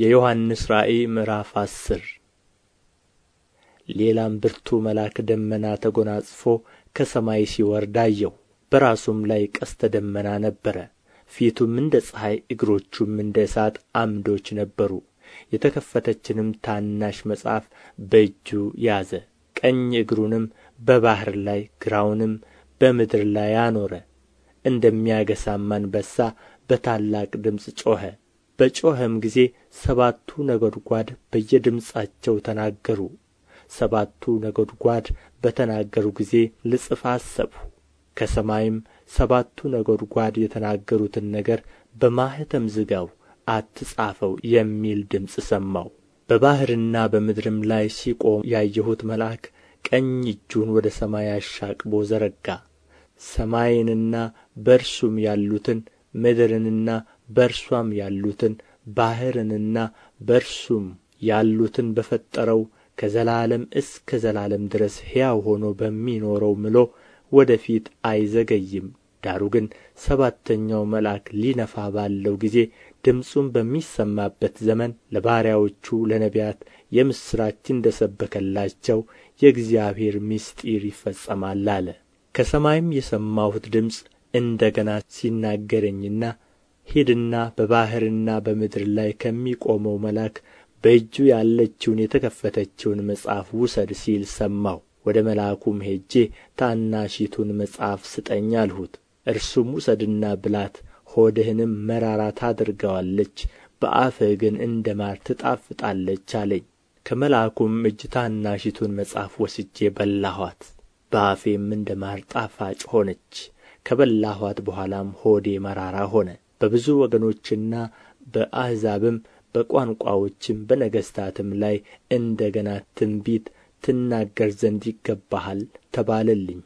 የዮሐንስ ራእይ ምዕራፍ አስር ሌላም ብርቱ መልአክ ደመና ተጐናጽፎ ከሰማይ ሲወርድ አየሁ በራሱም ላይ ቀስተ ደመና ነበረ ፊቱም እንደ ፀሐይ እግሮቹም እንደ እሳት አምዶች ነበሩ የተከፈተችንም ታናሽ መጽሐፍ በእጁ ያዘ ቀኝ እግሩንም በባሕር ላይ ግራውንም በምድር ላይ አኖረ እንደሚያገሳም አንበሳ በታላቅ ድምፅ ጮኸ በጮኸም ጊዜ ሰባቱ ነጎድጓድ በየድምፃቸው ተናገሩ ሰባቱ ነጎድጓድ በተናገሩ ጊዜ ልጽፍ አሰብሁ ከሰማይም ሰባቱ ነጎድጓድ የተናገሩትን ነገር በማኅተም ዝጋው አትጻፈው የሚል ድምፅ ሰማሁ በባሕርና በምድርም ላይ ሲቆም ያየሁት መልአክ ቀኝ እጁን ወደ ሰማይ አሻቅቦ ዘረጋ ሰማይንና በእርሱም ያሉትን ምድርንና በእርስዋም ያሉትን ባሕርንና በእርሱም ያሉትን በፈጠረው ከዘላለም እስከ ዘላለም ድረስ ሕያው ሆኖ በሚኖረው ምሎ ወደ ፊት አይዘገይም ዳሩ ግን ሰባተኛው መልአክ ሊነፋ ባለው ጊዜ ድምፁም በሚሰማበት ዘመን ለባሪያዎቹ ለነቢያት የምሥራች እንደ ሰበከላቸው የእግዚአብሔር ምስጢር ይፈጸማል አለ ከሰማይም የሰማሁት ድምፅ እንደ ገና ሲናገረኝና ሂድና በባሕርና በምድር ላይ ከሚቆመው መልአክ በእጁ ያለችውን የተከፈተችውን መጽሐፍ ውሰድ ሲል ሰማሁ ወደ መልአኩም ሄጄ ታናሺቱን መጽሐፍ ስጠኝ አልሁት እርሱም ውሰድና ብላት ሆድህንም መራራ ታድርገዋለች፣ በአፍህ ግን እንደ ማር ትጣፍጣለች አለኝ ከመልአኩም እጅ ታናሺቱን መጽሐፍ ወስጄ በላኋት በአፌም እንደ ማር ጣፋጭ ሆነች ከበላኋት በኋላም ሆዴ መራራ ሆነ በብዙ ወገኖችና በአሕዛብም በቋንቋዎችም በነገሥታትም ላይ እንደ ገና ትንቢት ትናገር ዘንድ ይገባሃል ተባለልኝ